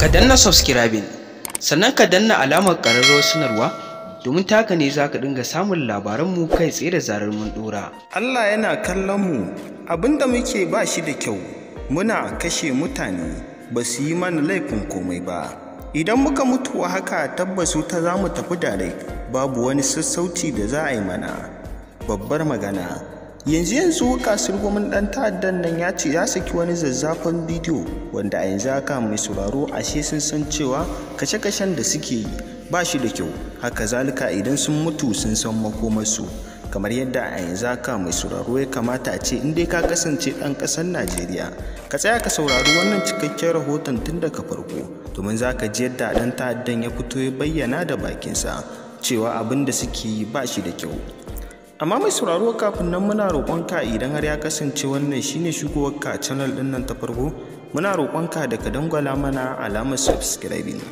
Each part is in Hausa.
ka danna subscribing sannan ka danna alamar ƙararrawar sanarwa domin taka ne za ka dinga samun labaranmu kai tsaye da zarar mun dora. Allah yana kallon mu abinda muke ba shi da kyau muna kashe mutane ba su yi mana laifin komai ba. Idan muka mutuwa haka tabbas wuta za mu tafi rai babu wani sassauci da za a yi mana. Babbar magana yanzu yanzu kasar gwamnan dan ta'addan nan ya ce ya saki wani zazzafan bidiyo wanda a yanzu haka mai sauraro ashe sun san cewa kashe-kashen da suke yi ba shi da kyau haka zalika idan sun mutu sun san makomarsu kamar yadda a yanzu haka mai sauraro ya kamata a ce in dai ka kasance ɗan kasar najeriya ka tsaya ka saurari wannan cikakken rahoton tun daga farko domin za ka ji yadda ɗan ta'addan ya fito ya bayyana da bakinsa cewa abin da suke yi ba shi da kyau amma mai sauraro kafin nan muna roƙonka idan har ya kasance wannan shine shigowarka a channel ɗinnan nan ta farko muna roƙonka da ka dangwala mana alamar subscribing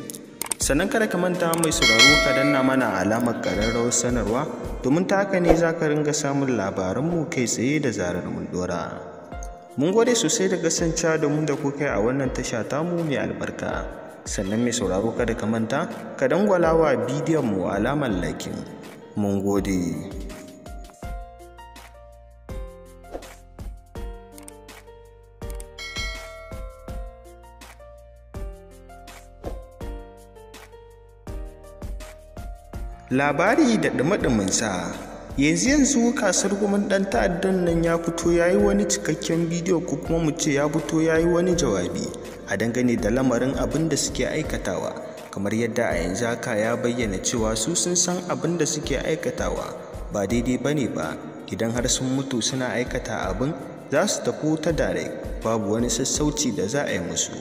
sannan kada ka manta mai sauraro ka danna mana alamar ƙararrawar sanarwa domin ta haka ne za ka ringa samun labaran mu kai tsaye da zarar mun dora mun gode sosai da kasancewa da mu da ku kai a wannan tasha tamu mai albarka sannan mai sauraro kada ka manta ka dangwala wa bidiyon mu alamar lakin mun gode labari da ɗumi sa yanzu yanzu kasar gumin ɗan ta'addan nan ya fito yayi wani cikakken bidiyo ko kuma mu ce ya fito yayi wani jawabi a dangane da lamarin abin da suke aikatawa kamar yadda a yanzu haka ya bayyana cewa su sun san abin da suke aikatawa ba daidai ba ne ba idan har sun mutu suna aikata abin za su tafi ta direct babu wani sassauci da za a yi musu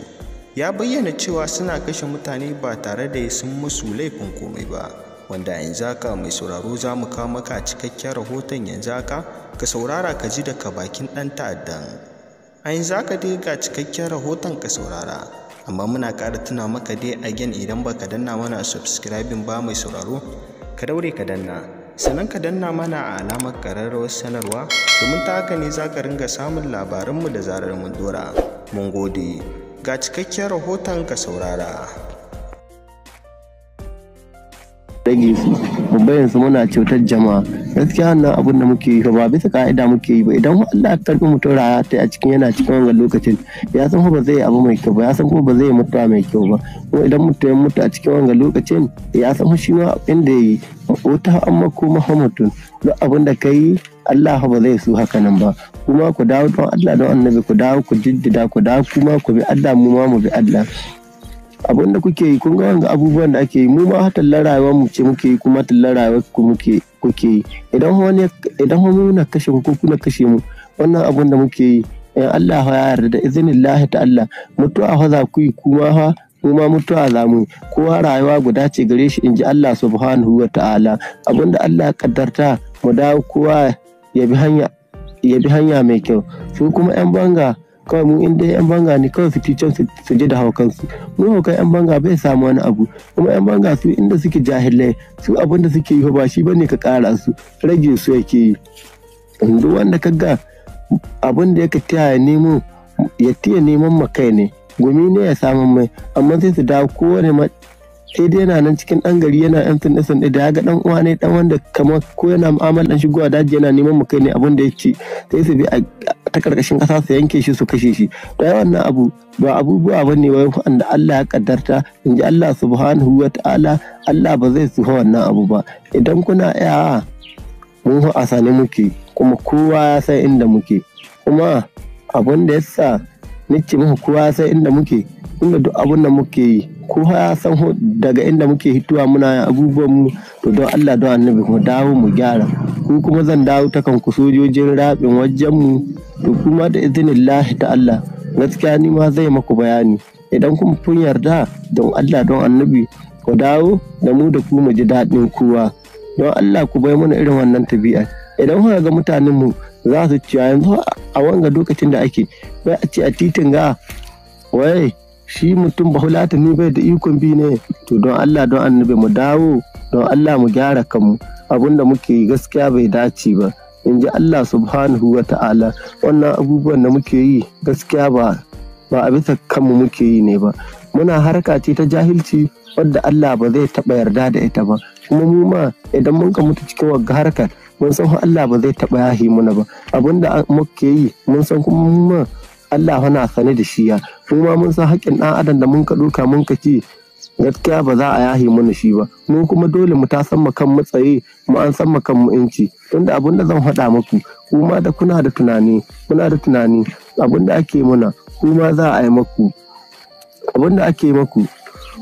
ya bayyana cewa suna kashe mutane ba tare da sun musu laifin komai ba wanda yanzu haka mai sauraro za mu kawo maka cikakken rahoton yanzu haka ka saurara ka ji daga bakin ɗan ta'addan a yanzu haka dai ga cikakken rahoton ka saurara amma muna ƙara tuna maka dai a again idan baka danna mana subscribing ba mai sauraro ka daure ka danna sannan ka danna mana a alamar ƙararrawar sanarwa domin ta haka ne za ka ringa samun labaranmu da zarar mun dora mun gode ga cikakken rahoton ka saurara rage su mu yanzu su muna cutar jama'a gaskiya wannan abin da muke yi ba bisa ka'ida muke yi ba idan Allah ya karbi mutum raya ta a cikin yana cikin wannan lokacin ya san ba zai abu mai kyau ba ya san kuma ba zai mutuwa mai kyau ba kuma idan mutum ya mutu a cikin wannan lokacin ya san shi ma inda yayi wata amma ko muhammadun duk abin da kai Allah ba zai su haka nan ba kuma ku dawo don Allah don annabi ku dawo ku jiddida ku dawo kuma ku bi Allah mu ma mu bi Allah abin da kuke yi kun ga abubuwan da ake yi mu ma tallar rayuwar mu ce muke yi kuma tallar rayuwar ku muke kuke yi idan wani idan wani na kashe ku kuna kashe mu wannan abin da muke yi in Allah ya yarda da izinin Allah ta Allah mutuwa fa za ku yi kuma fa kuma mutuwa za mu kowa rayuwa guda ce gare shi inji Allah subhanahu wa ta'ala da Allah ya kaddarta mu dawo kowa ya bi hanya ya bi hanya mai kyau su kuma yan banga kawai mu inda yan banga ne kawai su can su je da hawa kansu mu hauka yan banga bai samu wani abu kuma yan banga su inda suke jahilai su abin da suke yi ba shi bane ka kara su rage su yake yi duk wanda ka ga abin da yake taya nemo ya tiya neman makai ne gumi ne ya samu mai amma sai su dawo kowane sai dai yana nan cikin dan gari yana yan sun da ya ga ɗan uwa ne dan wanda kamar ko yana mu'amalan shigowa daji yana neman makai ne abin da ya sai su bi a ta karkashin kasa su yanke shi su kashe shi da wannan abu ba abubuwa ba ne wanda Allah ya kaddarta in ji Allah subhanahu wa ta'ala Allah ba zai su wannan abu ba idan kuna yaya mun a sane muke kuma kowa ya san inda muke kuma abun da yasa nake muku kowa ya san inda muke inda duk abun da muke yi kowa ya san daga inda muke hituwa muna abubuwan mu to don Allah don annabi mu dawo mu gyara ku kuma zan dawo ta kanku sojojin rabin wajen mu to kuma da lahi ta Allah gaskiya ni ma zai maku bayani idan kuma kun yarda don Allah don annabi ku dawo da mu da ku mu ji daɗin kowa don Allah ku bai mana irin wannan tabi'a idan kuka ga mutanen mu za su ci yanzu a wanga lokacin da ake bai a ce a titin ga wai shi mutum bahulata ni bai da ikon bi ne to don Allah don annabi mu dawo don Allah mu gyara kanmu abinda muke gaskiya bai dace ba in ji Allah subhanahu wa ta'ala wannan abubuwan da muke yi gaskiya ba ba a bisa kanmu muke yi ne ba muna harka ce ta jahilci wadda Allah ba zai taɓa yarda da ita ba kuma mu ma idan mun ka mutu cikin wagga harkar mun san Allah ba zai taɓa yahi muna ba abinda muke yi mun san kuma mu ma Allah na sane da shi ya mu ma mun san haƙƙin ɗan adam da mun ka ɗauka mun ka ci gaskiya ba za a yahi mana shi ba mu kuma dole mu ta san kan mu tsaye mu an san kan mu inci tunda abin da zan faɗa muku kuma da kuna da tunani kuna da tunani abin da ake muna kuma za a yi maku abin da ake maku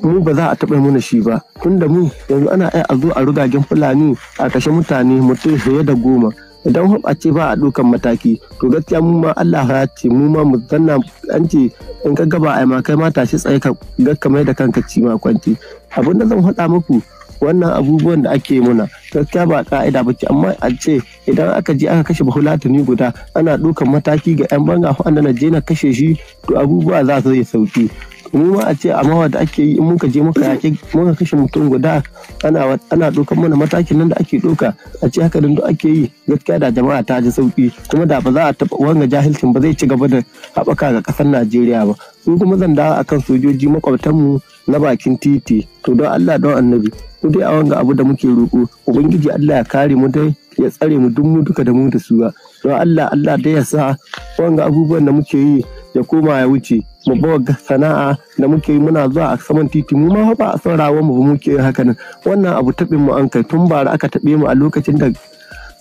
mu ba za a taɓa muna shi ba tunda mu yanzu ana iya a zo a rugagen fulani a kashe mutane mutum fiye da goma idan a ce ba a dukan mataki to gaskiya mu ma Allah ya ce mu ma mu zanna an ce in ka gaba ai ma kai ma tashi tsaye ka ga kamar da kanka ci ma kwanci abin zan faɗa muku wannan abubuwan da ake muna gaskiya ba ka'ida ba ce amma a ce idan aka je aka kashe bahulatani guda ana dukan mataki ga 'yan banga wanda na je na kashe shi to abubuwa za su yi sauki mu ma a ce a mawa ake yi in muka je muka yaƙi muka kashe mutum guda ana ana ɗaukar mana matakin nan da ake ɗauka a ce haka da ake yi gaskiya da jama'a ta ji sauki kuma da ba za a taba wanga jahilcin ba zai ci gaba da haɓaka ga ƙasar Najeriya ba su kuma zan dawo akan sojoji makwabtanmu na bakin titi to don Allah don annabi ku dai a wanga abu da muke roƙo ubangiji Allah ya kare mu dai ya tsare mu duk mu duka da mu da su ba don Allah Allah da ya sa wanga abubuwan da muke yi ya koma ya wuce mu ga sana'a da muke yi muna zuwa a saman titi mu ma ba a son rawar mu ba muke yi haka nan wannan abu taɓin mu an kai tun bara aka taɓe mu a lokacin da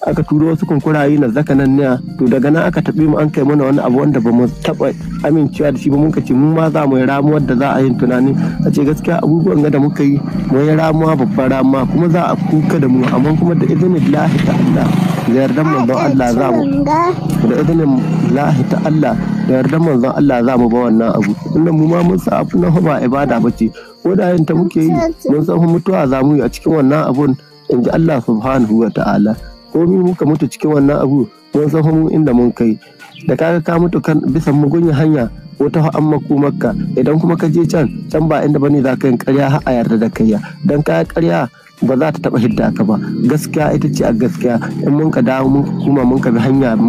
aka turo wasu kunkurayi na zaka nan niya to daga nan aka tabi mu an kai mana wani abu wanda ba mu taɓa amincewa da shi ba muka ce mu ma za mu yi ramuwar da za a yi tunani a ce gaskiya abubuwan ga da muka yi mu yi ramuwa babbar ramuwa kuma za a kuka da mu amma kuma da izinin lahi ta Allah da yardan manzon Allah za mu da izinin lahi ta Allah da yardan manzon Allah za mu ba wannan abu inda mu ma mun sa abu na ba ibada ba ce ko da ta muke yi mun san mutuwa za mu yi a cikin wannan abun in ji Allah subhanahu wa ta'ala komi muka mutu cikin wannan abu mun san mu inda mun kai da kaga ka mutu kan bisa mugunya hanya wata an makomarka idan kuma ka je can can ba inda bane za ka yin karya har a yarda da kai Don kaya karya ba za ta taba hidda ka ba gaskiya ita ce a gaskiya in mun ka dawo mun kuma mun ka bi hanya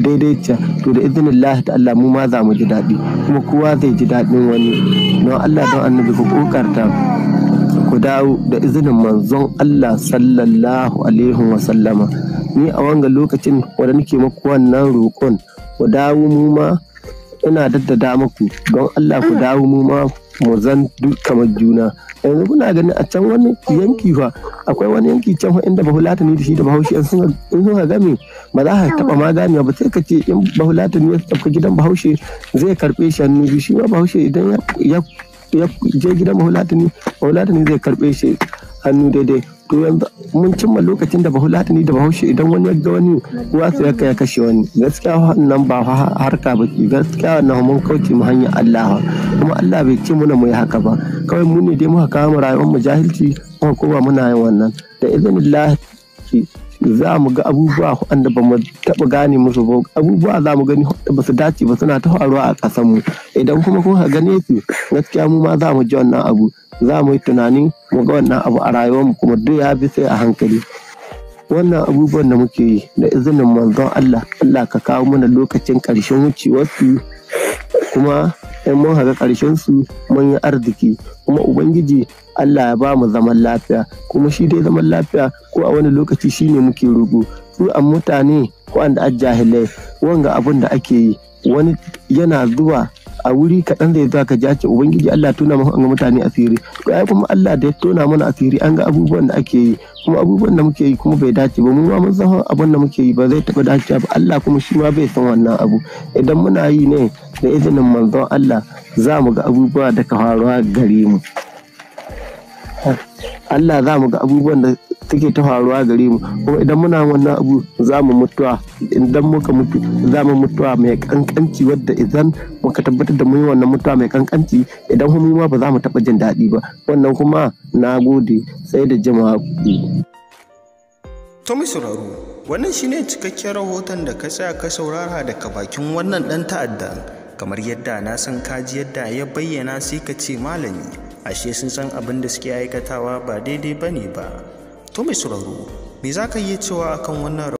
daidai ce to da izinin lahi ta Allah mu ma za mu ji daɗi kuma kowa zai ji daɗin wani don Allah don annabi ku kokarta ku dawo da izinin manzon Allah sallallahu alaihi wa sallama ni a wanga lokacin wadda nake maku wannan roƙon ku dawo mu ma ina daddada maku don Allah ku mm. dawo mu ma mu zan kamar juna yanzu kuna ganin a can wani yanki fa akwai wani yanki can fa inda bahulata ne da shi da bahaushe in sun ka game ba za ka taba ma ganewa ba sai ka ce in bahulata ne ya tafi gidan bahaushe zai karbe shi hannu biyu shi ma bahaushe idan ya je gidan bahulata ne bahulata ne zai karbe shi hannu daidai to yanzu mun cimma lokacin da ni da bahaushe idan wani ya ga wani ruwa su ya ya kashe wani gaskiya wannan ba harka ba ke gaskiya wannan mun kauce mu hanyar Allah kuma Allah bai ce muna mu yi haka ba kawai mu ne dai muka kawo rayuwar mu jahilci kuma kowa muna yin wannan da iznillah za mu ga abubuwa wanda ba mu taɓa gane musu ba abubuwa za mu gani wanda ba su dace ba suna ta faruwa a ƙasar idan kuma kun gane su gaskiya mu ma za mu ji wannan abu za mu yi tunani mu ga wannan abu a rayuwarmu kuma duk ya bi sai a hankali wannan abubuwan da muke yi da izinin manzon Allah Allah ka kawo mana lokacin ƙarshen wucewarsu kuma in mun haga ƙarshen su mun yi arziki kuma ubangiji Allah ya ba mu zaman lafiya kuma shi dai zaman lafiya ko a wani lokaci shine muke rugu su an mutane ko an da jahilai wanga abin da ake yi wani yana zuwa a wuri kaɗan da za ka ji ake ubangiji Allah tona mu an ga mutane asiri to ai kuma Allah da ya tona mana asiri an ga abubuwan da ake yi kuma abubuwan da muke yi kuma bai dace ba mu ma mun san abin da muke yi ba zai taɓa dace ba Allah kuma shi ma bai san wannan abu idan muna yi ne da izinin manzon Allah za mu ga abubuwa da ka faruwa gare mu Allah za mu ga abubuwan da take ta faruwa gare mu kuma idan muna wannan abu za mu mutuwa idan muka mutu za mu mutuwa mai kankanci wadda idan muka tabbatar da yi wannan mutuwa mai kankanci idan mu ba za mu taɓa jin daɗi ba wannan kuma na gode sai da jama'a to mai sauraro wannan shine cikakken rahoton da ka tsaya ka saurara daga bakin wannan ɗan ta'adda kamar yadda na san kaji yadda ya bayyana sai ka ce malami ashe sun san abin da suke aikatawa ba daidai ba ne ba to mai sauraro me za ka iya cewa akan wannan